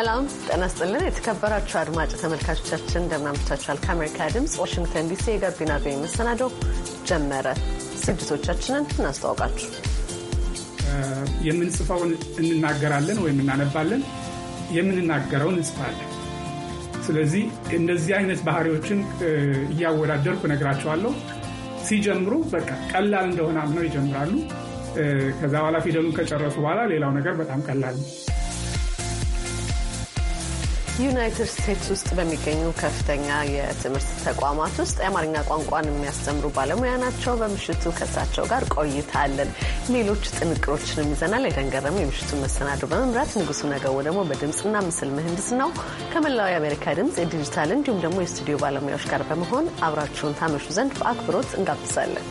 ሰላም ጠናስጥልን የተከበራችሁ አድማጭ ተመልካቾቻችን እንደምናምሽታችኋል። ከአሜሪካ ድምፅ ዋሽንግተን ዲሲ የጋቢና ቪኦኤ መሰናዶ ጀመረ። ዝግጅቶቻችንን እናስተዋውቃችሁ። የምንጽፈውን እንናገራለን ወይም እናነባለን፣ የምንናገረውን እንጽፋለን። ስለዚህ እንደዚህ አይነት ባህሪዎችን እያወዳደርኩ እነግራቸዋለሁ። ሲጀምሩ በቃ ቀላል እንደሆነ አምነው ይጀምራሉ። ከዛ በኋላ ፊደሉን ከጨረሱ በኋላ ሌላው ነገር በጣም ቀላል ነው። ዩናይትድ ስቴትስ ውስጥ በሚገኙ ከፍተኛ የትምህርት ተቋማት ውስጥ የአማርኛ ቋንቋን የሚያስተምሩ ባለሙያ ናቸው። በምሽቱ ከሳቸው ጋር ቆይታ አለን። ሌሎች ጥንቅሮችንም ይዘናል። የደንገረሙ የምሽቱን መሰናዶ በመምራት ንጉሱ ነገው ደግሞ በድምፅና ምስል ምህንድስ ነው። ከመላው የአሜሪካ ድምፅ የዲጂታል እንዲሁም ደግሞ የስቱዲዮ ባለሙያዎች ጋር በመሆን አብራችሁን ታመሹ ዘንድ በአክብሮት እንጋብዛለን።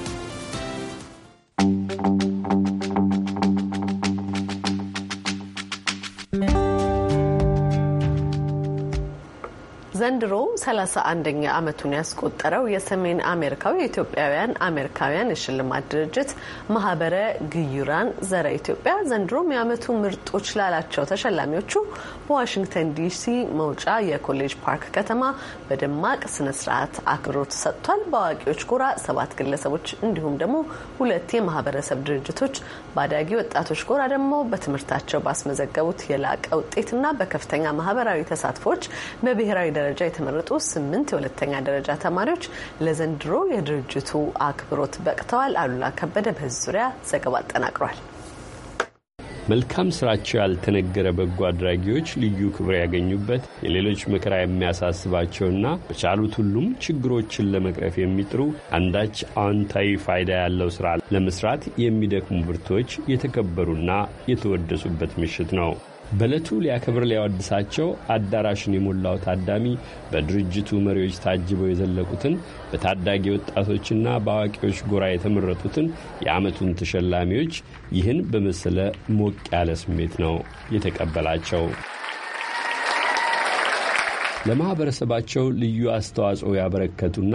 ዘንድሮ 31ኛ ዓመቱን ያስቆጠረው የሰሜን አሜሪካው የኢትዮጵያውያን አሜሪካውያን የሽልማት ድርጅት ማህበረ ግዩራን ዘረ ኢትዮጵያ ዘንድሮም የዓመቱ ምርጦች ላላቸው ተሸላሚዎቹ በዋሽንግተን ዲሲ መውጫ የኮሌጅ ፓርክ ከተማ በደማቅ ስነ ስርዓት አክብሮት ሰጥቷል። በአዋቂዎች ጎራ ሰባት ግለሰቦች እንዲሁም ደግሞ ሁለት የማህበረሰብ ድርጅቶች፣ በአዳጊ ወጣቶች ጎራ ደግሞ በትምህርታቸው ባስመዘገቡት የላቀ ውጤትና በከፍተኛ ማህበራዊ ተሳትፎች በብሔራዊ ደረጃ የተመረጡ ስምንት የሁለተኛ ደረጃ ተማሪዎች ለዘንድሮ የድርጅቱ አክብሮት በቅተዋል። አሉላ ከበደ በዚህ ዙሪያ ዘገባ አጠናቅሯል። መልካም ስራቸው ያልተነገረ በጎ አድራጊዎች ልዩ ክብር ያገኙበት የሌሎች መከራ የሚያሳስባቸውና በቻሉት ሁሉም ችግሮችን ለመቅረፍ የሚጥሩ አንዳች አዎንታዊ ፋይዳ ያለው ስራ ለመስራት የሚደክሙ ብርቶች የተከበሩና የተወደሱበት ምሽት ነው። በዕለቱ ሊያከብር ሊያወድሳቸው አዳራሹን የሞላው ታዳሚ በድርጅቱ መሪዎች ታጅበው የዘለቁትን በታዳጊ ወጣቶችና በአዋቂዎች ጎራ የተመረጡትን የዓመቱን ተሸላሚዎች ይህን በመሰለ ሞቅ ያለ ስሜት ነው የተቀበላቸው። ለማኅበረሰባቸው ልዩ አስተዋጽኦ ያበረከቱና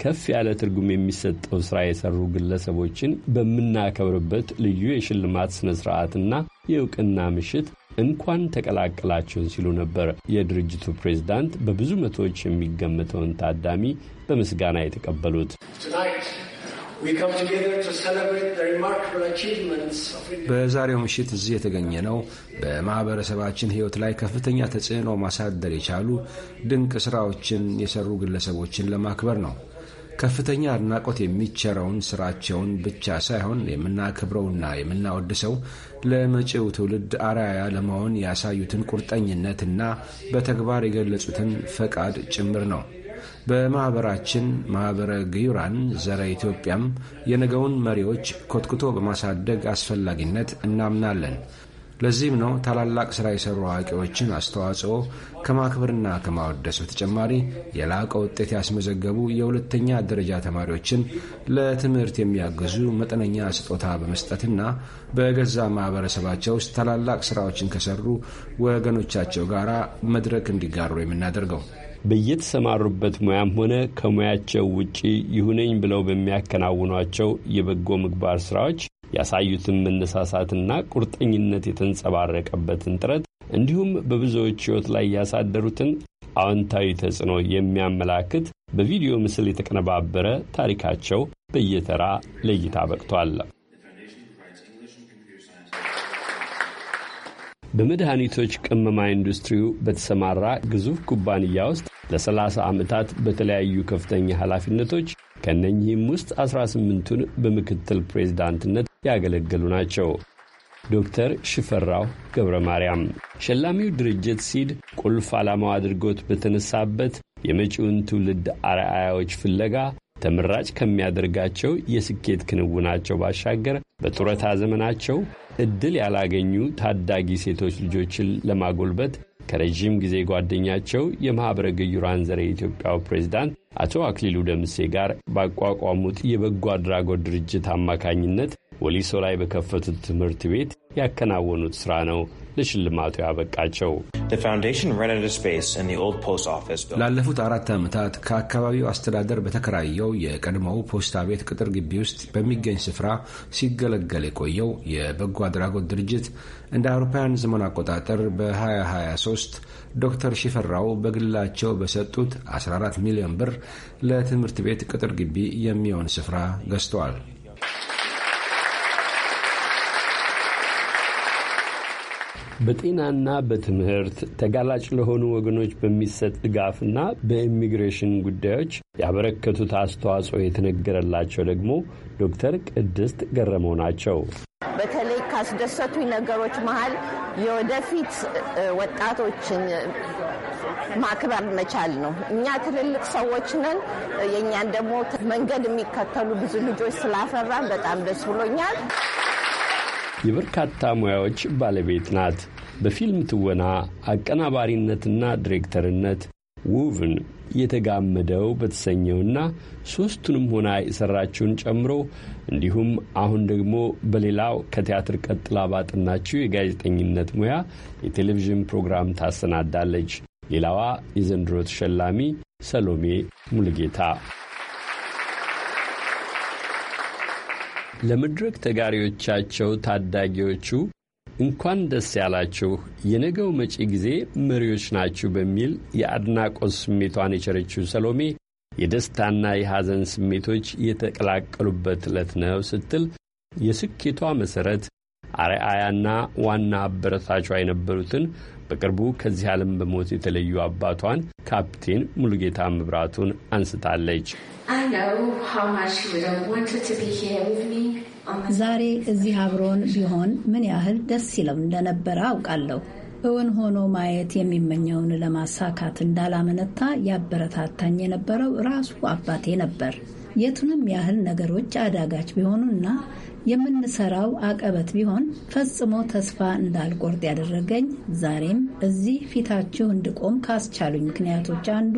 ከፍ ያለ ትርጉም የሚሰጠው ሥራ የሠሩ ግለሰቦችን በምናከብርበት ልዩ የሽልማት ሥነ ሥርዓትና የዕውቅና ምሽት እንኳን ተቀላቀላችሁን ሲሉ ነበር የድርጅቱ ፕሬዝዳንት በብዙ መቶዎች የሚገመተውን ታዳሚ በምስጋና የተቀበሉት። በዛሬው ምሽት እዚህ የተገኘ ነው በማህበረሰባችን ሕይወት ላይ ከፍተኛ ተጽዕኖ ማሳደር የቻሉ ድንቅ ስራዎችን የሰሩ ግለሰቦችን ለማክበር ነው። ከፍተኛ አድናቆት የሚቸረውን ስራቸውን ብቻ ሳይሆን የምናከብረውና የምናወድሰው ለመጪው ትውልድ አርአያ ለመሆን ያሳዩትን ቁርጠኝነትና በተግባር የገለጹትን ፈቃድ ጭምር ነው። በማኅበራችን ማኅበረ ግዩራን ዘረ ኢትዮጵያም የነገውን መሪዎች ኮትኩቶ በማሳደግ አስፈላጊነት እናምናለን። ለዚህም ነው ታላላቅ ሥራ የሠሩ አዋቂዎችን አስተዋጽኦ ከማክበርና ከማወደስ በተጨማሪ የላቀ ውጤት ያስመዘገቡ የሁለተኛ ደረጃ ተማሪዎችን ለትምህርት የሚያግዙ መጠነኛ ስጦታ በመስጠትና በገዛ ማኅበረሰባቸው ውስጥ ታላላቅ ሥራዎችን ከሠሩ ወገኖቻቸው ጋር መድረክ እንዲጋሩ የምናደርገው። በየተሰማሩበት ሙያም ሆነ ከሙያቸው ውጪ ይሁነኝ ብለው በሚያከናውኗቸው የበጎ ምግባር ሥራዎች ያሳዩትን መነሳሳትና ቁርጠኝነት የተንጸባረቀበትን ጥረት እንዲሁም በብዙዎች ሕይወት ላይ ያሳደሩትን አዎንታዊ ተጽዕኖ የሚያመላክት በቪዲዮ ምስል የተቀነባበረ ታሪካቸው በየተራ ለእይታ በቅቷል። በመድኃኒቶች ቅመማ ኢንዱስትሪው በተሰማራ ግዙፍ ኩባንያ ውስጥ ለ30 ዓመታት በተለያዩ ከፍተኛ ኃላፊነቶች ከእነኚህም ውስጥ 18ቱን በምክትል ፕሬዝዳንትነት ያገለገሉ ናቸው። ዶክተር ሽፈራው ገብረ ማርያም ሸላሚው ድርጅት ሲድ ቁልፍ ዓላማው አድርጎት በተነሳበት የመጪውን ትውልድ አርአያዎች ፍለጋ ተመራጭ ከሚያደርጋቸው የስኬት ክንውናቸው ባሻገር በጡረታ ዘመናቸው ዕድል ያላገኙ ታዳጊ ሴቶች ልጆችን ለማጎልበት ከረዥም ጊዜ ጓደኛቸው የማኅበረ ግዩራን ዘረ የኢትዮጵያው ፕሬዝዳንት አቶ አክሊሉ ደምሴ ጋር ባቋቋሙት የበጎ አድራጎት ድርጅት አማካኝነት ወሊሶ ላይ በከፈቱት ትምህርት ቤት ያከናወኑት ስራ ነው ለሽልማቱ ያበቃቸው። ላለፉት አራት ዓመታት ከአካባቢው አስተዳደር በተከራየው የቀድሞው ፖስታ ቤት ቅጥር ግቢ ውስጥ በሚገኝ ስፍራ ሲገለገል የቆየው የበጎ አድራጎት ድርጅት እንደ አውሮፓውያን ዘመን አቆጣጠር በ2023 ዶክተር ሽፈራው በግላቸው በሰጡት 14 ሚሊዮን ብር ለትምህርት ቤት ቅጥር ግቢ የሚሆን ስፍራ ገዝተዋል። በጤናና በትምህርት ተጋላጭ ለሆኑ ወገኖች በሚሰጥ ድጋፍና በኢሚግሬሽን ጉዳዮች ያበረከቱት አስተዋጽኦ የተነገረላቸው ደግሞ ዶክተር ቅድስት ገረመው ናቸው። በተለይ ካስደሰቱኝ ነገሮች መሀል የወደፊት ወጣቶችን ማክበር መቻል ነው። እኛ ትልልቅ ሰዎች ነን። የእኛን ደግሞ መንገድ የሚከተሉ ብዙ ልጆች ስላፈራ በጣም ደስ ብሎኛል። የበርካታ ሙያዎች ባለቤት ናት። በፊልም ትወና አቀናባሪነትና ዲሬክተርነት ውቭን የተጋመደው በተሰኘውና ሦስቱንም ሆና የሠራችውን ጨምሮ እንዲሁም አሁን ደግሞ በሌላው ከቲያትር ቀጥላ ባጥናችው የጋዜጠኝነት ሙያ የቴሌቪዥን ፕሮግራም ታሰናዳለች። ሌላዋ የዘንድሮ ተሸላሚ ሰሎሜ ሙልጌታ ለመድረክ ተጋሪዎቻቸው ታዳጊዎቹ እንኳን ደስ ያላችሁ የነገው መጪ ጊዜ መሪዎች ናችሁ በሚል የአድናቆት ስሜቷን የቸረችው ሰሎሜ የደስታና የሐዘን ስሜቶች የተቀላቀሉበት ዕለት ነው ስትል የስኬቷ መሠረት አርአያና ዋና አበረታቿ የነበሩትን በቅርቡ ከዚህ ዓለም በሞት የተለዩ አባቷን ካፕቴን ሙሉጌታ መብራቱን አንስታለች። ዛሬ እዚህ አብሮን ቢሆን ምን ያህል ደስ ይለው እንደነበረ አውቃለሁ። እውን ሆኖ ማየት የሚመኘውን ለማሳካት እንዳላመነታ ያበረታታኝ የነበረው ራሱ አባቴ ነበር። የቱንም ያህል ነገሮች አዳጋች ቢሆኑና የምንሰራው አቀበት ቢሆን ፈጽሞ ተስፋ እንዳልቆርጥ ያደረገኝ ዛሬም እዚህ ፊታችሁ እንድቆም ካስቻሉኝ ምክንያቶች አንዱ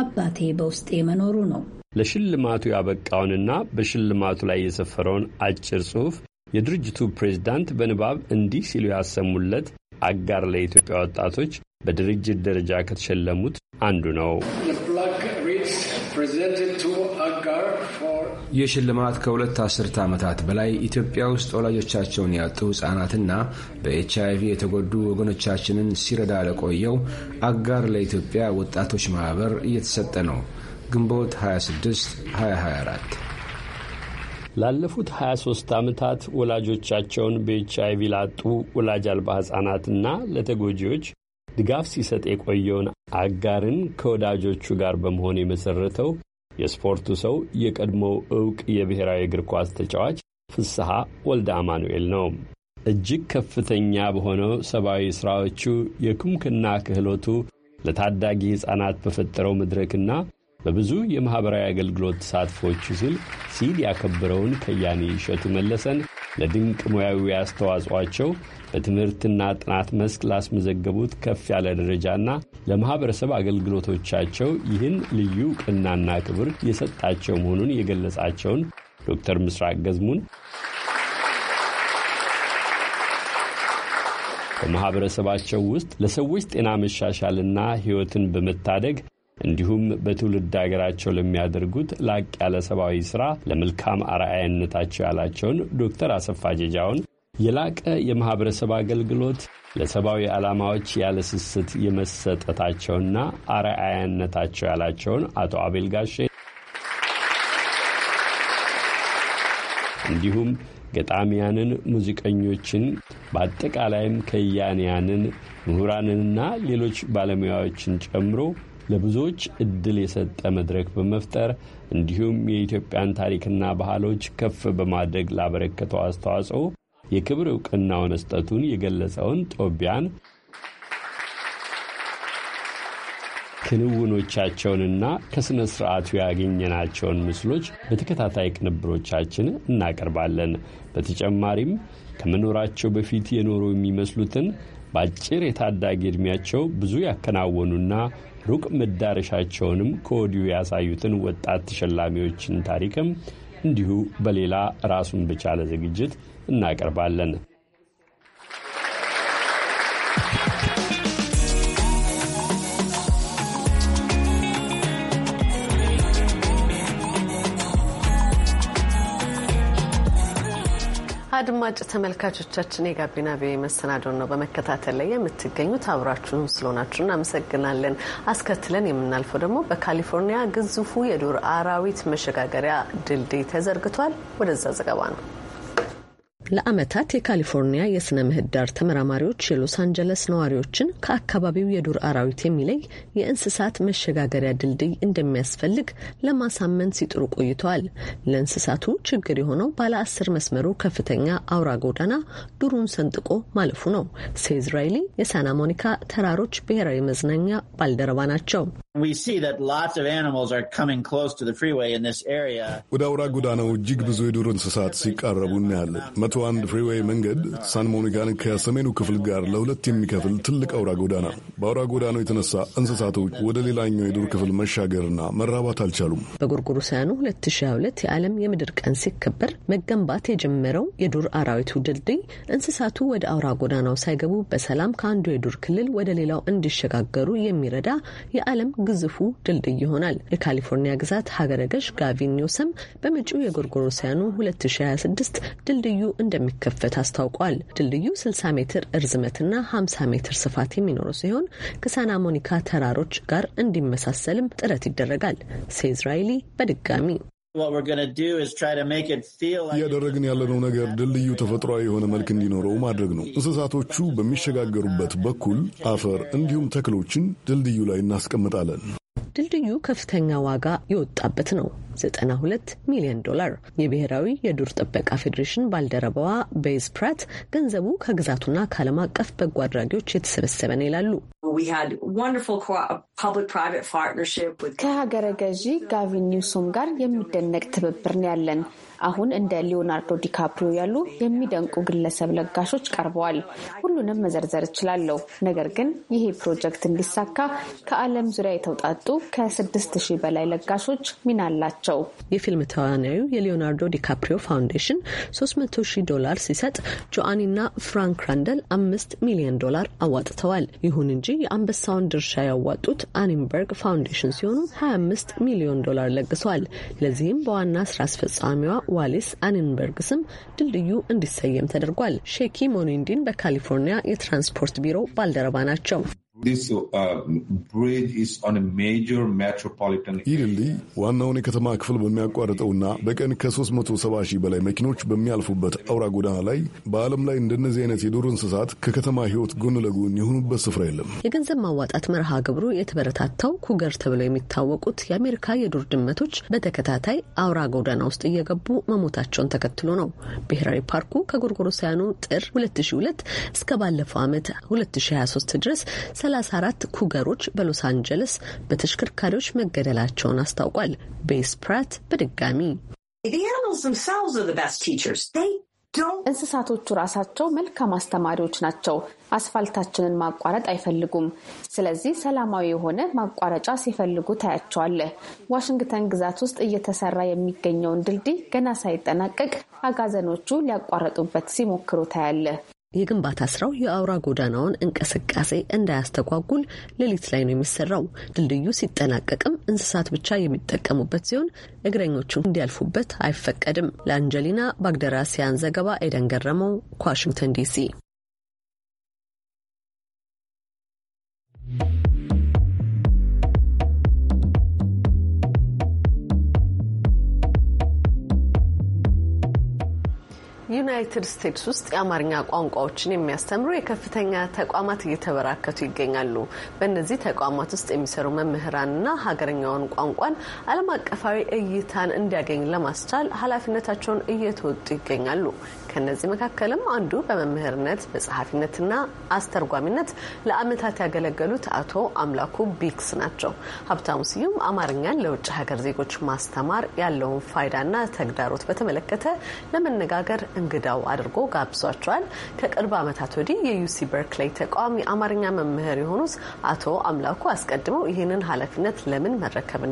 አባቴ በውስጤ መኖሩ ነው። ለሽልማቱ ያበቃውንና በሽልማቱ ላይ የሰፈረውን አጭር ጽሑፍ የድርጅቱ ፕሬዝዳንት በንባብ እንዲህ ሲሉ ያሰሙለት አጋር ለኢትዮጵያ ወጣቶች በድርጅት ደረጃ ከተሸለሙት አንዱ ነው። ይህ ሽልማት ከሁለት አስርተ ዓመታት በላይ ኢትዮጵያ ውስጥ ወላጆቻቸውን ያጡ ሕፃናትና በኤች አይቪ የተጎዱ ወገኖቻችንን ሲረዳ ለቆየው አጋር ለኢትዮጵያ ወጣቶች ማኅበር እየተሰጠ ነው። ግንቦት 26 2024 ላለፉት 23 ዓመታት ወላጆቻቸውን በኤች አይቪ ላጡ ወላጅ አልባ ሕፃናትና ለተጎጂዎች ድጋፍ ሲሰጥ የቆየውን አጋርን ከወዳጆቹ ጋር በመሆን የመሠረተው የስፖርቱ ሰው የቀድሞው እውቅ የብሔራዊ እግር ኳስ ተጫዋች ፍስሐ ወልደ አማኑኤል ነው። እጅግ ከፍተኛ በሆነው ሰብአዊ ሥራዎቹ የኩምክና ክህሎቱ ለታዳጊ ሕፃናት በፈጠረው መድረክና በብዙ የማኅበራዊ አገልግሎት ተሳትፎቹ ሲል ሲል ያከበረውን ከያኒ እሸቱ መለሰን ለድንቅ ሙያዊ አስተዋጽኦአቸው በትምህርትና ጥናት መስክ ላስመዘገቡት ከፍ ያለ ደረጃና ለማኅበረሰብ አገልግሎቶቻቸው ይህን ልዩ ቅናና ክብር የሰጣቸው መሆኑን የገለጻቸውን ዶክተር ምስራቅ ገዝሙን በማኅበረሰባቸው ውስጥ ለሰዎች ጤና መሻሻልና ሕይወትን በመታደግ እንዲሁም በትውልድ ሀገራቸው ለሚያደርጉት ላቅ ያለ ሰብአዊ ስራ ለመልካም አርአያነታቸው ያላቸውን ዶክተር አሰፋ ጀጃውን የላቀ የማህበረሰብ አገልግሎት ለሰብአዊ ዓላማዎች ያለ ስስት የመሰጠታቸውና አርአያነታቸው ያላቸውን አቶ አቤል ጋሼ እንዲሁም ገጣሚያንን፣ ሙዚቀኞችን፣ በአጠቃላይም ከያንያንን፣ ምሁራንንና ሌሎች ባለሙያዎችን ጨምሮ ለብዙዎች እድል የሰጠ መድረክ በመፍጠር እንዲሁም የኢትዮጵያን ታሪክና ባህሎች ከፍ በማድረግ ላበረከተው አስተዋጽኦ የክብር እውቅናውን መስጠቱን የገለጸውን ጦቢያን ክንውኖቻቸውንና ከሥነ ሥርዓቱ ያገኘናቸውን ምስሎች በተከታታይ ቅንብሮቻችን እናቀርባለን። በተጨማሪም ከመኖራቸው በፊት የኖሩ የሚመስሉትን በአጭር የታዳጊ ዕድሜያቸው ብዙ ያከናወኑና ሩቅ መዳረሻቸውንም ከወዲሁ ያሳዩትን ወጣት ተሸላሚዎችን ታሪክም እንዲሁ በሌላ ራሱን በቻለ ዝግጅት እናቀርባለን። አድማጭ ተመልካቾቻችን የጋቢና ቪኦኤ መሰናዶን ነው በመከታተል ላይ የምትገኙት። አብራችሁን ስለሆናችሁ እናመሰግናለን። አስከትለን የምናልፈው ደግሞ በካሊፎርኒያ ግዙፉ የዱር አራዊት መሸጋገሪያ ድልድይ ተዘርግቷል። ወደዛ ዘገባ ነው። ለዓመታት የካሊፎርኒያ የሥነ ምህዳር ተመራማሪዎች የሎስ አንጀለስ ነዋሪዎችን ከአካባቢው የዱር አራዊት የሚለይ የእንስሳት መሸጋገሪያ ድልድይ እንደሚያስፈልግ ለማሳመን ሲጥሩ ቆይተዋል። ለእንስሳቱ ችግር የሆነው ባለ አስር መስመሩ ከፍተኛ አውራ ጎዳና ዱሩን ሰንጥቆ ማለፉ ነው። ሴዝ ራይሊ የሳና ሞኒካ ተራሮች ብሔራዊ መዝናኛ ባልደረባ ናቸው። ወደ አውራ ጎዳናው እጅግ ብዙ የዱር እንስሳት ሲቃረቡ እናያለን። መቶ አንድ ፍሪዌይ መንገድ ሞኒካን ከሰሜኑ ክፍል ጋር ለሁለት የሚከፍል ትልቅ አውራ ጎዳና ነው። በአውራ ጎዳናው የተነሳ እንስሳቶች ወደ ሌላኛው የዱር ክፍል መሻገርና መራባት አልቻሉም። በጎርጎሮሳውያኑ 2022 የዓለም የምድር ቀን ሲከበር መገንባት የጀመረው የዱር አራዊቱ ድልድይ እንስሳቱ ወደ አውራ ጎዳናው ሳይገቡ በሰላም ከአንዱ የዱር ክልል ወደ ሌላው እንዲሸጋገሩ የሚረዳ የዓለም ግዙፉ ድልድይ ይሆናል። የካሊፎርኒያ ግዛት ሀገረ ገዥ ጋቪን ኒውሰም በመጪው የጎርጎሮሳያኑ 2026 ድልድዩ እንደሚከፈት አስታውቋል። ድልድዩ 60 ሜትር እርዝመትና 50 ሜትር ስፋት የሚኖረው ሲሆን ከሳና ሞኒካ ተራሮች ጋር እንዲመሳሰልም ጥረት ይደረጋል። ሴዝ ራይሊ በድጋሚ እያደረግን ያለነው ነገር ድልድዩ ተፈጥሯዊ የሆነ መልክ እንዲኖረው ማድረግ ነው። እንስሳቶቹ በሚሸጋገሩበት በኩል አፈር እንዲሁም ተክሎችን ድልድዩ ላይ እናስቀምጣለን። ድልድዩ ከፍተኛ ዋጋ የወጣበት ነው፣ 92 ሚሊዮን ዶላር። የብሔራዊ የዱር ጥበቃ ፌዴሬሽን ባልደረባዋ ቤዝ ፕራት ገንዘቡ ከግዛቱና ከዓለም አቀፍ በጎ አድራጊዎች የተሰበሰበ ነው ይላሉ። uh, ከሀገረ ገዢ ጋቪን ኒውሶም ጋር የሚደነቅ ትብብር ነው ያለን አሁን እንደ ሊዮናርዶ ዲካፕሪዮ ያሉ የሚደንቁ ግለሰብ ለጋሾች ቀርበዋል። ሁሉንም መዘርዘር እችላለሁ። ነገር ግን ይሄ ፕሮጀክት እንዲሳካ ከዓለም ዙሪያ የተውጣጡ ከስድስት ሺህ በላይ ለጋሾች ሚና አላቸው። የፊልም ተዋናዩ የሊዮናርዶ ዲካፕሪዮ ፋውንዴሽን 300 ሺህ ዶላር ሲሰጥ ጆአኒና ፍራንክ ራንደል አምስት ሚሊዮን ዶላር አዋጥተዋል። ይሁን እንጂ የአንበሳውን ድርሻ ያዋጡት አኒምበርግ ፋውንዴሽን ሲሆኑ 25 ሚሊዮን ዶላር ለግሰዋል። ለዚህም በዋና ስራ አስፈጻሚዋ ዋሊስ አንንበርግ ስም ድልድዩ እንዲሰየም ተደርጓል። ሼኪ ሞኒንዲን በካሊፎርኒያ የትራንስፖርት ቢሮ ባልደረባ ናቸው። ኢልሊ uh, ድልድይ ዋናውን የከተማ ክፍል በሚያቋርጠውና በቀን ከ370 ሺህ በላይ መኪኖች በሚያልፉበት አውራ ጎዳና ላይ በዓለም ላይ እንደነዚህ አይነት የዱር እንስሳት ከከተማ ሕይወት ጎን ለጎን የሆኑበት ስፍራ የለም። የገንዘብ ማዋጣት መርሃ ግብሩ የተበረታታው ኩገር ተብለው የሚታወቁት የአሜሪካ የዱር ድመቶች በተከታታይ አውራ ጎዳና ውስጥ እየገቡ መሞታቸውን ተከትሎ ነው። ብሔራዊ ፓርኩ ከጎርጎሮሳያኑ ጥር 2002 እስከ ባለፈው ዓመት 2023 ድረስ 34 ኩገሮች በሎስ አንጀለስ በተሽከርካሪዎች መገደላቸውን አስታውቋል። ቤስ ፕራት በድጋሚ እንስሳቶቹ ራሳቸው መልካም አስተማሪዎች ናቸው። አስፋልታችንን ማቋረጥ አይፈልጉም። ስለዚህ ሰላማዊ የሆነ ማቋረጫ ሲፈልጉ ታያቸዋለህ። ዋሽንግተን ግዛት ውስጥ እየተሰራ የሚገኘውን ድልድይ ገና ሳይጠናቀቅ አጋዘኖቹ ሊያቋረጡበት ሲሞክሩ ታያለህ። የግንባታ ስራው የአውራ ጎዳናውን እንቅስቃሴ እንዳያስተጓጉል ሌሊት ላይ ነው የሚሰራው። ድልድዩ ሲጠናቀቅም እንስሳት ብቻ የሚጠቀሙበት ሲሆን እግረኞቹ እንዲያልፉበት አይፈቀድም። ለአንጀሊና ባግደራሲያን ዘገባ ኤደን ገረመው ከዋሽንግተን ዲሲ ዩናይትድ ስቴትስ ውስጥ የአማርኛ ቋንቋዎችን የሚያስተምሩ የከፍተኛ ተቋማት እየተበራከቱ ይገኛሉ። በእነዚህ ተቋማት ውስጥ የሚሰሩ መምህራንና ሀገርኛውን ቋንቋን ዓለም አቀፋዊ እይታን እንዲያገኝ ለማስቻል ኃላፊነታቸውን እየተወጡ ይገኛሉ። ከእነዚህ መካከልም አንዱ በመምህርነት በጸሐፊነትና አስተርጓሚነት ለዓመታት ያገለገሉት አቶ አምላኩ ቢክስ ናቸው። ሀብታሙ ስዩም አማርኛን ለውጭ ሀገር ዜጎች ማስተማር ያለውን ፋይዳና ተግዳሮት በተመለከተ ለመነጋገር እንግዳው አድርጎ ጋብዟቸዋል። ከቅርብ ዓመታት ወዲህ የዩሲ በርክላይ ተቋም የአማርኛ መምህር የሆኑት አቶ አምላኩ አስቀድመው ይህንን ኃላፊነት ለምን መረከብ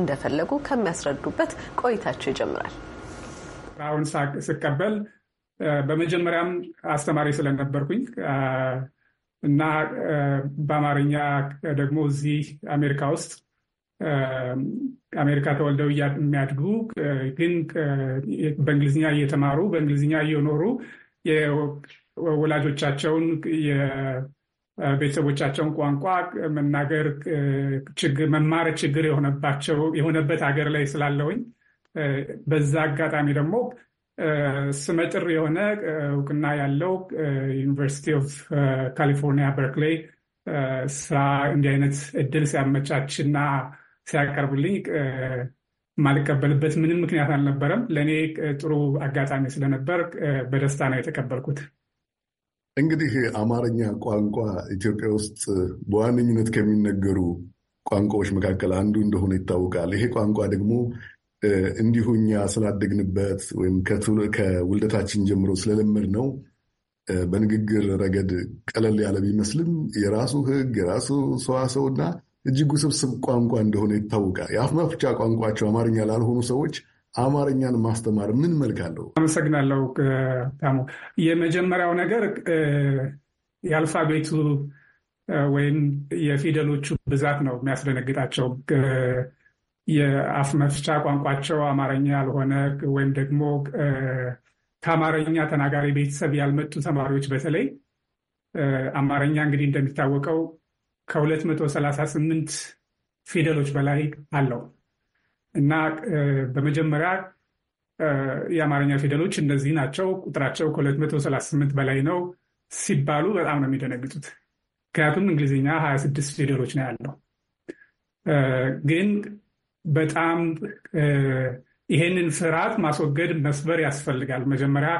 እንደፈለጉ ከሚያስረዱበት ቆይታቸው ይጀምራል። አሁን ስቀበል በመጀመሪያም አስተማሪ ስለነበርኩኝ እና በአማርኛ ደግሞ እዚህ አሜሪካ ውስጥ አሜሪካ ተወልደው የሚያድጉ ግን በእንግሊዝኛ እየተማሩ በእንግሊዝኛ እየኖሩ ወላጆቻቸውን የቤተሰቦቻቸውን ቋንቋ መናገር ችግር መማር ችግር የሆነባቸው የሆነበት ሀገር ላይ ስላለውኝ በዛ አጋጣሚ ደግሞ ስመጥር የሆነ እውቅና ያለው ዩኒቨርሲቲ ኦፍ ካሊፎርኒያ በርክሌይ ስራ እንዲህ አይነት እድል ሲያመቻችና ሲያቀርብልኝ የማልቀበልበት ምንም ምክንያት አልነበረም። ለእኔ ጥሩ አጋጣሚ ስለነበር በደስታ ነው የተቀበልኩት። እንግዲህ አማርኛ ቋንቋ ኢትዮጵያ ውስጥ በዋነኝነት ከሚነገሩ ቋንቋዎች መካከል አንዱ እንደሆነ ይታወቃል። ይሄ ቋንቋ ደግሞ እንዲሁ እኛ ስላደግንበት ወይም ከውልደታችን ጀምሮ ስለለመድ ነው በንግግር ረገድ ቀለል ያለ ቢመስልም የራሱ ህግ የራሱ እና እጅግ ውስብስብ ቋንቋ እንደሆነ ይታወቃል። የአፍ መፍቻ ቋንቋቸው አማርኛ ላልሆኑ ሰዎች አማርኛን ማስተማር ምን መልክ አለው? አመሰግናለሁ የመጀመሪያው ነገር የአልፋቤቱ ወይም የፊደሎቹ ብዛት ነው የሚያስደነግጣቸው። የአፍ መፍቻ ቋንቋቸው አማርኛ ያልሆነ ወይም ደግሞ ከአማርኛ ተናጋሪ ቤተሰብ ያልመጡ ተማሪዎች በተለይ አማርኛ እንግዲህ እንደሚታወቀው ከ238 ፊደሎች በላይ አለው እና በመጀመሪያ የአማርኛ ፊደሎች እነዚህ ናቸው፣ ቁጥራቸው ከ238 በላይ ነው ሲባሉ በጣም ነው የሚደነግጡት። ምክንያቱም እንግሊዝኛ 26 ፊደሎች ነው ያለው ግን በጣም ይሄንን ፍርሃት ማስወገድ መስበር ያስፈልጋል። መጀመሪያ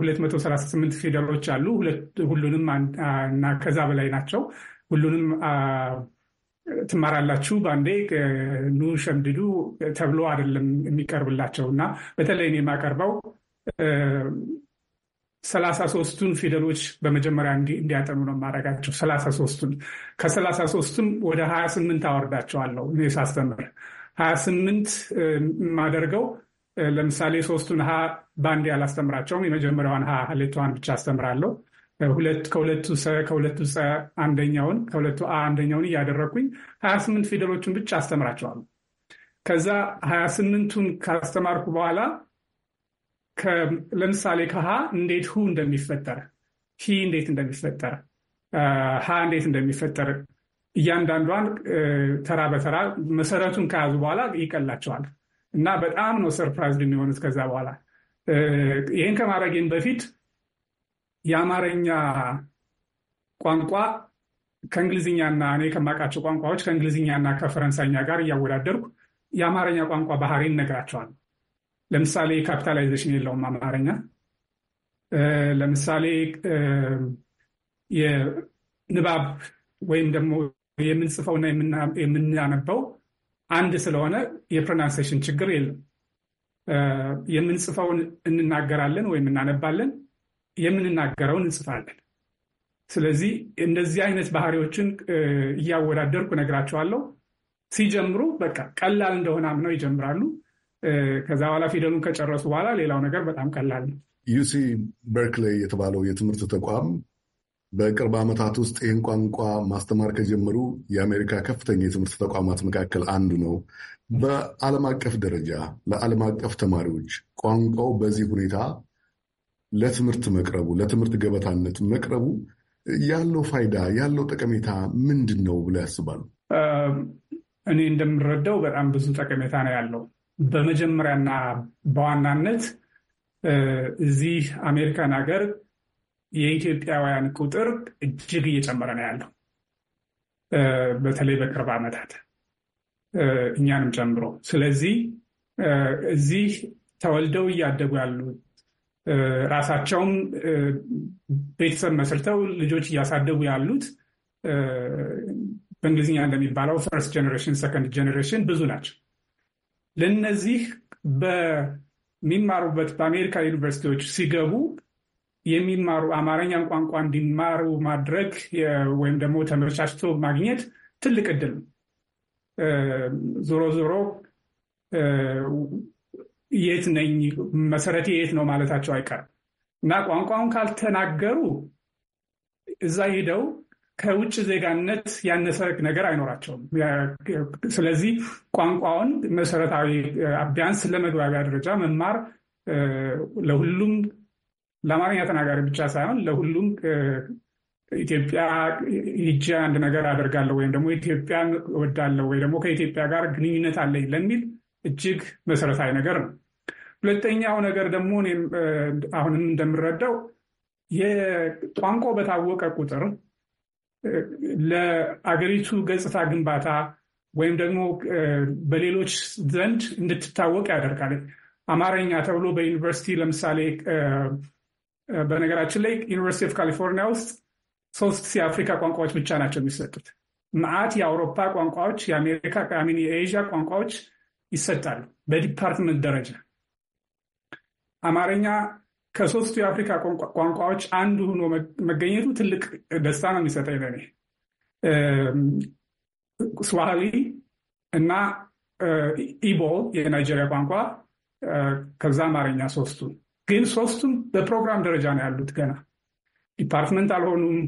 238 ፊደሎች አሉ። ሁሉንም እና ከዛ በላይ ናቸው። ሁሉንም ትማራላችሁ በአንዴ ኑ ሸምድዱ ተብሎ አይደለም የሚቀርብላቸው እና በተለይ እኔ የማቀርበው ሰላሳ ሶስቱን ፊደሎች በመጀመሪያ እንዲያጠኑ ነው የማደርጋቸው። ሰላሳ ሶስቱን ከሰላሳ ሶስቱም ወደ ሀያ ስምንት አወርዳቸዋለሁ እኔ ሳስተምር ሀያ ስምንት የማደርገው ለምሳሌ ሶስቱን ሀ በአንድ ያላስተምራቸውም የመጀመሪያዋን ሀ ሌቷን ብቻ አስተምራለሁ። ከሁለቱ ሰ ከሁለቱ ፀ አንደኛውን ከሁለቱ አ አንደኛውን እያደረግኩኝ ሀያ ስምንት ፊደሎችን ብቻ አስተምራቸዋለሁ። ከዛ ሀያ ስምንቱን ካስተማርኩ በኋላ ለምሳሌ ከሀ እንዴት ሁ እንደሚፈጠር ሂ እንዴት እንደሚፈጠር ሀ እንዴት እንደሚፈጠር እያንዳንዷን ተራ በተራ መሰረቱን ከያዙ በኋላ ይቀላቸዋል እና በጣም ነው ሰርፕራይዝ የሚሆኑት ከዛ በኋላ። ይህን ከማድረግን በፊት የአማርኛ ቋንቋ ከእንግሊዝኛና እኔ ከማውቃቸው ቋንቋዎች ከእንግሊዝኛና ከፈረንሳይኛ ጋር እያወዳደርኩ የአማርኛ ቋንቋ ባህሪ ይነግራቸዋል። ለምሳሌ ካፒታላይዜሽን የለውም አማርኛ። ለምሳሌ የንባብ ወይም ደግሞ የምንጽፈውና የምናነበው አንድ ስለሆነ የፕሮናንሴሽን ችግር የለም። የምንጽፈውን እንናገራለን ወይም እናነባለን፣ የምንናገረውን እንጽፋለን። ስለዚህ እንደዚህ አይነት ባህሪዎችን እያወዳደርኩ ነግራቸዋለሁ። ሲጀምሩ በቃ ቀላል እንደሆነ አምነው ይጀምራሉ። ከዛ በኋላ ፊደሉን ከጨረሱ በኋላ ሌላው ነገር በጣም ቀላል ነው። ዩሲ በርክሌይ የተባለው የትምህርት ተቋም በቅርብ ዓመታት ውስጥ ይህን ቋንቋ ማስተማር ከጀመሩ የአሜሪካ ከፍተኛ የትምህርት ተቋማት መካከል አንዱ ነው። በዓለም አቀፍ ደረጃ ለዓለም አቀፍ ተማሪዎች ቋንቋው በዚህ ሁኔታ ለትምህርት መቅረቡ፣ ለትምህርት ገበታነት መቅረቡ ያለው ፋይዳ ያለው ጠቀሜታ ምንድን ነው ብለው ያስባሉ? እኔ እንደምረዳው በጣም ብዙ ጠቀሜታ ነው ያለው። በመጀመሪያና በዋናነት እዚህ አሜሪካን ሀገር የኢትዮጵያውያን ቁጥር እጅግ እየጨመረ ነው ያለው። በተለይ በቅርብ ዓመታት እኛንም ጨምሮ። ስለዚህ እዚህ ተወልደው እያደጉ ያሉት ራሳቸውም ቤተሰብ መስርተው ልጆች እያሳደጉ ያሉት በእንግሊዝኛ እንደሚባለው ፈርስት ጀኔሬሽን፣ ሰከንድ ጀኔሬሽን ብዙ ናቸው። ለነዚህ በሚማሩበት በአሜሪካ ዩኒቨርሲቲዎች ሲገቡ የሚማሩ አማርኛን ቋንቋ እንዲማሩ ማድረግ ወይም ደግሞ ተመቻችቶ ማግኘት ትልቅ እድል ነው። ዞሮ ዞሮ የት ነኝ መሰረቴ የት ነው ማለታቸው አይቀርም እና ቋንቋውን ካልተናገሩ እዛ ሄደው ከውጭ ዜጋነት ያነሰ ነገር አይኖራቸውም። ስለዚህ ቋንቋውን መሰረታዊ ቢያንስ ለመግባቢያ ደረጃ መማር ለሁሉም ለአማርኛ ተናጋሪ ብቻ ሳይሆን ለሁሉም ኢትዮጵያ ሄጄ አንድ ነገር አደርጋለሁ ወይም ደግሞ ኢትዮጵያ እወዳለሁ ወይ ደግሞ ከኢትዮጵያ ጋር ግንኙነት አለኝ ለሚል እጅግ መሰረታዊ ነገር ነው። ሁለተኛው ነገር ደግሞ አሁንም እንደምረዳው የቋንቋ በታወቀ ቁጥር ለአገሪቱ ገጽታ ግንባታ ወይም ደግሞ በሌሎች ዘንድ እንድትታወቅ ያደርጋል። አማርኛ ተብሎ በዩኒቨርሲቲ ለምሳሌ በነገራችን ላይ ዩኒቨርሲቲ ኦፍ ካሊፎርኒያ ውስጥ ሶስት የአፍሪካ ቋንቋዎች ብቻ ናቸው የሚሰጡት። መዓት የአውሮፓ ቋንቋዎች፣ የአሜሪካ ሚን የኤዥያ ቋንቋዎች ይሰጣሉ በዲፓርትመንት ደረጃ። አማርኛ ከሶስቱ የአፍሪካ ቋንቋዎች አንዱ ሆኖ መገኘቱ ትልቅ ደስታ ነው የሚሰጠኝ ለኔ። ስዋሂሊ እና ኢቦ የናይጄሪያ ቋንቋ ከዛ አማርኛ ሶስቱ ግን ሶስቱም በፕሮግራም ደረጃ ነው ያሉት። ገና ዲፓርትመንት አልሆኑም፣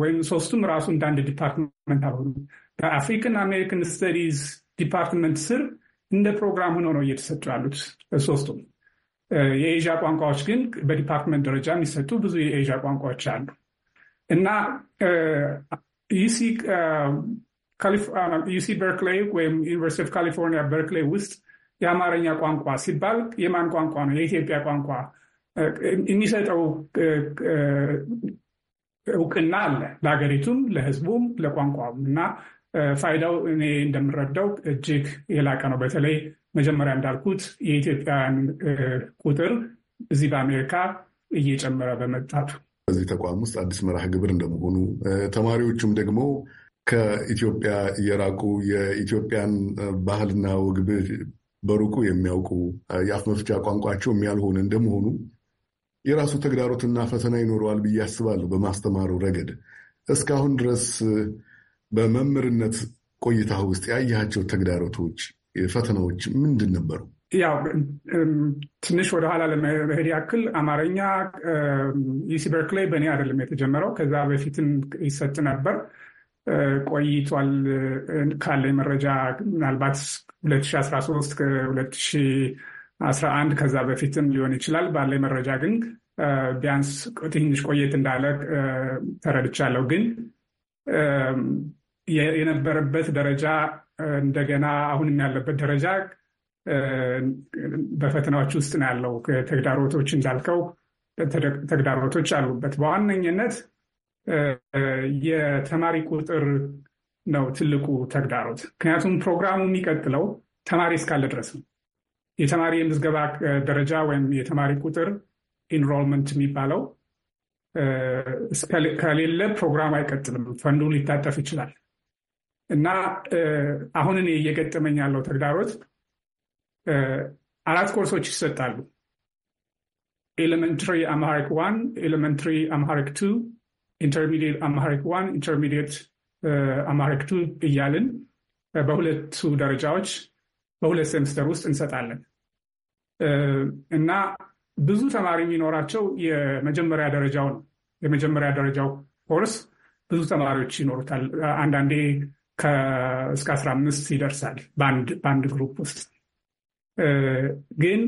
ወይም ሶስቱም ራሱ እንደ አንድ ዲፓርትመንት አልሆኑም። በአፍሪካን አሜሪካን ስተዲዝ ዲፓርትመንት ስር እንደ ፕሮግራም ሆኖ ነው እየተሰጡ ያሉት ሶስቱም። የኤዥያ ቋንቋዎች ግን በዲፓርትመንት ደረጃ የሚሰጡ ብዙ የኤዥያ ቋንቋዎች አሉ እና ዩሲ በርክሌይ ወይም ዩኒቨርሲቲ ኦፍ ካሊፎርኒያ በርክሌይ ውስጥ የአማርኛ ቋንቋ ሲባል የማን ቋንቋ ነው? የኢትዮጵያ ቋንቋ የሚሰጠው እውቅና አለ ለሀገሪቱም፣ ለህዝቡም ለቋንቋም እና ፋይዳው እኔ እንደምረዳው እጅግ የላቀ ነው። በተለይ መጀመሪያ እንዳልኩት የኢትዮጵያውያን ቁጥር እዚህ በአሜሪካ እየጨመረ በመጣቱ በዚህ ተቋም ውስጥ አዲስ መርሃ ግብር እንደመሆኑ ተማሪዎቹም ደግሞ ከኢትዮጵያ የራቁ የኢትዮጵያን ባህልና ወግብ በሩቁ የሚያውቁ የአፍ መፍቻ ቋንቋቸው የሚያልሆን እንደመሆኑ የራሱ ተግዳሮትና ፈተና ይኖረዋል ብዬ አስባለሁ። በማስተማሩ ረገድ እስካሁን ድረስ በመምህርነት ቆይታ ውስጥ ያያቸው ተግዳሮቶች፣ ፈተናዎች ምንድን ነበሩ? ያው ትንሽ ወደኋላ ለመሄድ ያክል አማርኛ ዩሲ በርክሌይ በእኔ አይደለም የተጀመረው። ከዛ በፊትም ይሰጥ ነበር። ቆይቷል። ካለኝ መረጃ ምናልባት 2013 ከ2011 ከዛ በፊትም ሊሆን ይችላል። ባለኝ መረጃ ግን ቢያንስ ትንሽ ቆየት እንዳለ ተረድቻለሁ። ግን የነበረበት ደረጃ እንደገና አሁንም ያለበት ደረጃ በፈተናዎች ውስጥ ነው ያለው። ተግዳሮቶች እንዳልከው ተግዳሮቶች አሉበት። በዋነኝነት የተማሪ ቁጥር ነው ትልቁ ተግዳሮት። ምክንያቱም ፕሮግራሙ የሚቀጥለው ተማሪ እስካለ ድረስ ነው። የተማሪ የምዝገባ ደረጃ ወይም የተማሪ ቁጥር ኢንሮልመንት የሚባለው ከሌለ ፕሮግራሙ አይቀጥልም። ፈንዱ ሊታጠፍ ይችላል። እና አሁን እኔ እየገጠመኝ ያለው ተግዳሮት አራት ኮርሶች ይሰጣሉ። ኤሌመንትሪ አምሃሪክ ዋን፣ ኤሌመንትሪ አምሃሪክ ቱ ኢንተርሚዲየት አማሪክ ዋን ኢንተርሚዲየት አማሪክ ቱ እያልን uh, በሁለቱ ደረጃዎች በሁለት ሴምስተር ውስጥ እንሰጣለን uh, እና ብዙ ተማሪ የሚኖራቸው የመጀመሪያ ደረጃው ነው። የመጀመሪያ ደረጃው ኮርስ ብዙ ተማሪዎች ይኖሩታል። uh, አንዳንዴ እስከ አስራ አምስት ይደርሳል በአንድ ግሩፕ ውስጥ ግን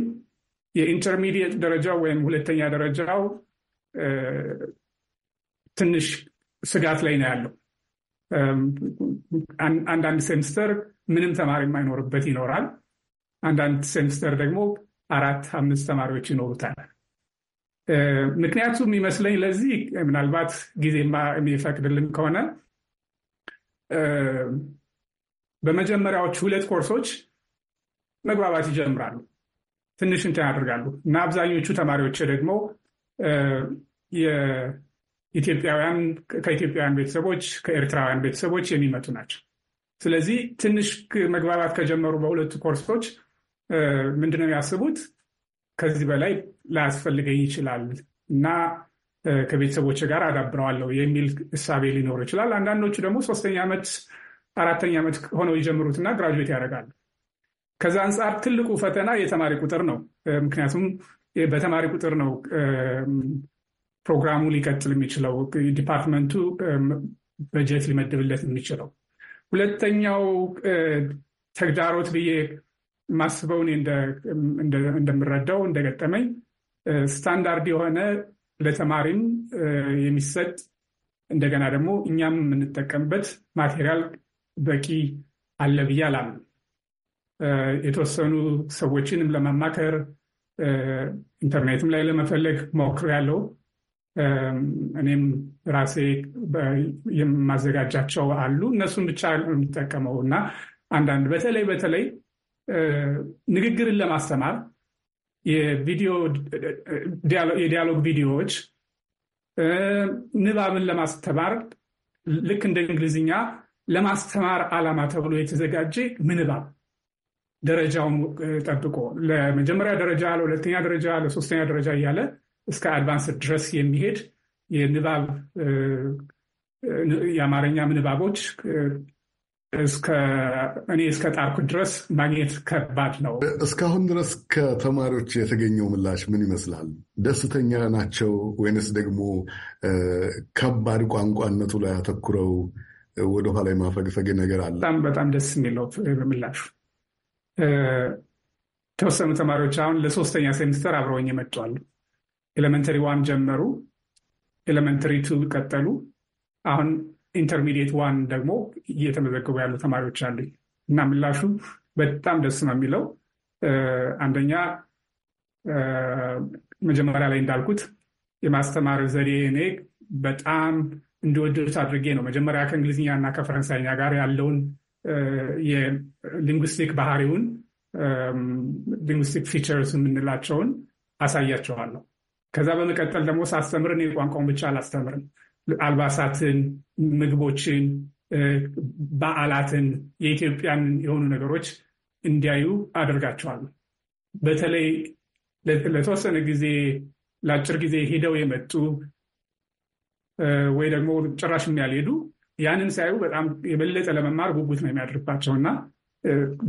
የኢንተርሚዲየት ደረጃው ወይም ሁለተኛ ደረጃው ትንሽ ስጋት ላይ ነው ያለው። አንዳንድ ሴምስተር ምንም ተማሪ የማይኖርበት ይኖራል። አንዳንድ ሴምስተር ደግሞ አራት አምስት ተማሪዎች ይኖሩታል። ምክንያቱም ይመስለኝ ለዚህ ምናልባት ጊዜ የሚፈቅድልን ከሆነ በመጀመሪያዎች ሁለት ኮርሶች መግባባት ይጀምራሉ፣ ትንሽ እንትን ያደርጋሉ እና አብዛኞቹ ተማሪዎች ደግሞ ኢትዮጵያውያን ከኢትዮጵያውያን ቤተሰቦች፣ ከኤርትራውያን ቤተሰቦች የሚመጡ ናቸው። ስለዚህ ትንሽ መግባባት ከጀመሩ በሁለቱ ኮርሶች ምንድነው ያስቡት ከዚህ በላይ ላያስፈልገኝ ይችላል እና ከቤተሰቦች ጋር አዳብረዋለሁ የሚል እሳቤ ሊኖሩ ይችላል። አንዳንዶቹ ደግሞ ሶስተኛ ዓመት አራተኛ ዓመት ሆነው ይጀምሩትና ግራጁዌት ያደርጋሉ። ከዛ አንጻር ትልቁ ፈተና የተማሪ ቁጥር ነው። ምክንያቱም በተማሪ ቁጥር ነው ፕሮግራሙ ሊቀጥል የሚችለው ዲፓርትመንቱ በጀት ሊመድብለት የሚችለው። ሁለተኛው ተግዳሮት ብዬ ማስበውን እንደምረዳው እንደገጠመኝ ስታንዳርድ የሆነ ለተማሪም የሚሰጥ እንደገና ደግሞ እኛም የምንጠቀምበት ማቴሪያል በቂ አለ ብዬ አላምን። የተወሰኑ ሰዎችንም ለማማከር ኢንተርኔትም ላይ ለመፈለግ ሞክሬያለሁ። እኔም ራሴ የማዘጋጃቸው አሉ። እነሱን ብቻ የሚጠቀመው እና አንዳንድ በተለይ በተለይ ንግግርን ለማስተማር የዲያሎግ ቪዲዮዎች ንባብን ለማስተማር ልክ እንደ እንግሊዝኛ ለማስተማር ዓላማ ተብሎ የተዘጋጀ ምንባብ ደረጃውን ጠብቆ ለመጀመሪያ ደረጃ፣ ለሁለተኛ ደረጃ፣ ለሶስተኛ ደረጃ እያለ እስከ አድቫንስድ ድረስ የሚሄድ የንባብ የአማርኛ ንባቦች እኔ እስከ ጣርኩ ድረስ ማግኘት ከባድ ነው። እስካሁን ድረስ ከተማሪዎች የተገኘው ምላሽ ምን ይመስላል? ደስተኛ ናቸው ወይንስ ደግሞ ከባድ ቋንቋነቱ ላይ አተኩረው ወደኋላ የማፈግፈግ ነገር አለ? በጣም በጣም ደስ የሚለው ምላሹ የተወሰኑ ተማሪዎች አሁን ለሶስተኛ ሴሚስተር አብረውኝ መጥተዋል። ኤሌመንተሪ ዋን ጀመሩ፣ ኤሌመንተሪ ቱ ቀጠሉ። አሁን ኢንተርሚዲየት ዋን ደግሞ እየተመዘገቡ ያሉ ተማሪዎች አሉ እና ምላሹ በጣም ደስ ነው የሚለው አንደኛ መጀመሪያ ላይ እንዳልኩት የማስተማር ዘዴ እኔ በጣም እንዲወደዱት አድርጌ ነው። መጀመሪያ ከእንግሊዝኛ እና ከፈረንሳይኛ ጋር ያለውን የሊንጉስቲክ ባህሪውን ሊንጉስቲክ ፊቸርስ የምንላቸውን አሳያቸዋለሁ። ከዛ በመቀጠል ደግሞ ሳስተምርን የቋንቋውን ብቻ አላስተምርም። አልባሳትን፣ ምግቦችን፣ በዓላትን፣ የኢትዮጵያን የሆኑ ነገሮች እንዲያዩ አድርጋቸዋል። በተለይ ለተወሰነ ጊዜ ለአጭር ጊዜ ሄደው የመጡ ወይ ደግሞ ጭራሽ የሚያልሄዱ ያንን ሲያዩ በጣም የበለጠ ለመማር ጉጉት ነው የሚያድርባቸው እና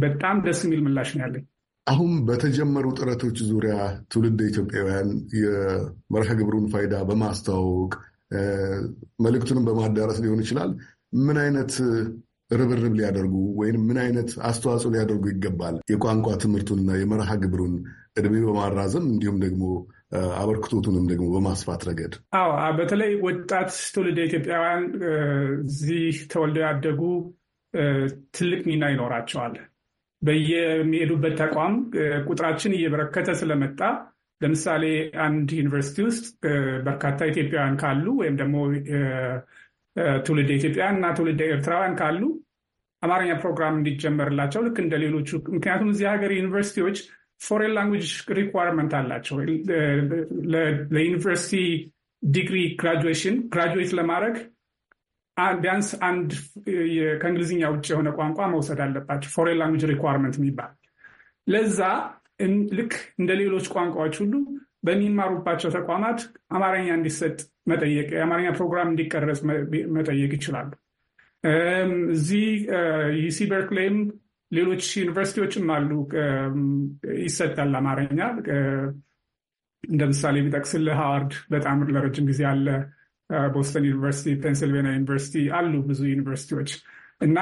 በጣም ደስ የሚል ምላሽ ነው ያለኝ። አሁን በተጀመሩ ጥረቶች ዙሪያ ትውልድ ኢትዮጵያውያን የመርሃ ግብሩን ፋይዳ በማስተዋወቅ መልእክቱንም በማዳረስ ሊሆን ይችላል። ምን አይነት ርብርብ ሊያደርጉ ወይም ምን አይነት አስተዋጽኦ ሊያደርጉ ይገባል? የቋንቋ ትምህርቱንና የመርሃ ግብሩን እድሜ በማራዘም እንዲሁም ደግሞ አበርክቶቱንም ደግሞ በማስፋት ረገድ አዎ፣ በተለይ ወጣት ትውልደ ኢትዮጵያውያን እዚህ ተወልደው ያደጉ ትልቅ ሚና ይኖራቸዋል። በየሚሄዱበት ተቋም ቁጥራችን እየበረከተ ስለመጣ ለምሳሌ አንድ ዩኒቨርሲቲ ውስጥ በርካታ ኢትዮጵያውያን ካሉ ወይም ደግሞ ትውልድ ኢትዮጵያውያን እና ትውልድ ኤርትራውያን ካሉ አማርኛ ፕሮግራም እንዲጀመርላቸው ልክ እንደ ሌሎቹ ምክንያቱም እዚህ ሀገር ዩኒቨርሲቲዎች ፎሬን ላንጉጅ ሪኳርመንት አላቸው። ለዩኒቨርሲቲ ዲግሪ ግራጁዌሽን ግራጁዌት ለማድረግ ቢያንስ አንድ ከእንግሊዝኛ ውጭ የሆነ ቋንቋ መውሰድ አለባቸው። ፎሬን ላንጉጅ ሪኳርመንት የሚባል ለዛ ልክ እንደ ሌሎች ቋንቋዎች ሁሉ በሚማሩባቸው ተቋማት አማርኛ እንዲሰጥ መጠየቅ፣ የአማርኛ ፕሮግራም እንዲቀረጽ መጠየቅ ይችላሉ። እዚህ ዩሲ በርክሌይም ሌሎች ዩኒቨርሲቲዎችም አሉ ይሰጣል አማርኛ። እንደምሳሌ ምሳሌ ቢጠቅስልህ ሃዋርድ በጣም ለረጅም ጊዜ አለ። ቦስተን ዩኒቨርሲቲ፣ ፔንስልቬኒያ ዩኒቨርሲቲ አሉ ብዙ ዩኒቨርሲቲዎች እና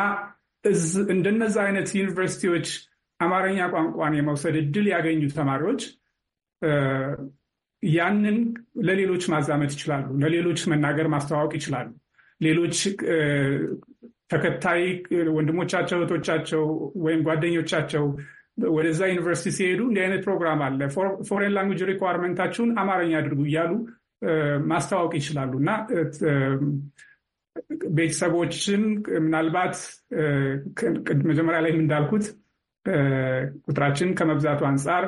እንደነዚ አይነት ዩኒቨርሲቲዎች አማርኛ ቋንቋን የመውሰድ እድል ያገኙ ተማሪዎች uh, ያንን ለሌሎች ማዛመድ ይችላሉ። ለሌሎች መናገር ማስተዋወቅ ይችላሉ። ሌሎች uh, ተከታይ ወንድሞቻቸው፣ እህቶቻቸው ወይም ጓደኞቻቸው ወደዛ ዩኒቨርሲቲ ሲሄዱ እንዲህ አይነት ፕሮግራም አለ፣ ፎሬን ላንጉጅ ሪኳርመንታችሁን አማርኛ አድርጉ እያሉ ማስተዋወቅ ይችላሉ እና ቤተሰቦችን ምናልባት መጀመሪያ ላይ እንዳልኩት ቁጥራችን ከመብዛቱ አንጻር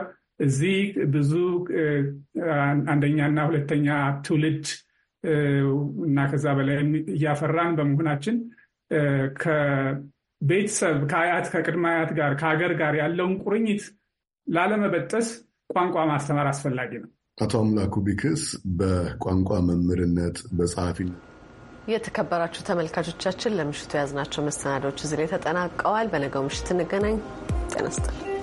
እዚህ ብዙ አንደኛ እና ሁለተኛ ትውልድ እና ከዛ በላይ እያፈራን በመሆናችን ከቤተሰብ ከአያት ከቅድመ አያት ጋር ከሀገር ጋር ያለውን ቁርኝት ላለመበጠስ ቋንቋ ማስተማር አስፈላጊ ነው። አቶ አምላኩ ቢክስ በቋንቋ መምህርነት በጸሐፊ የተከበራችሁ ተመልካቾቻችን ለምሽቱ የያዝናቸው መሰናዶዎች እዚህ ላይ ተጠናቀዋል። በነገው ምሽት እንገናኝ። ጤና ይስጥልኝ።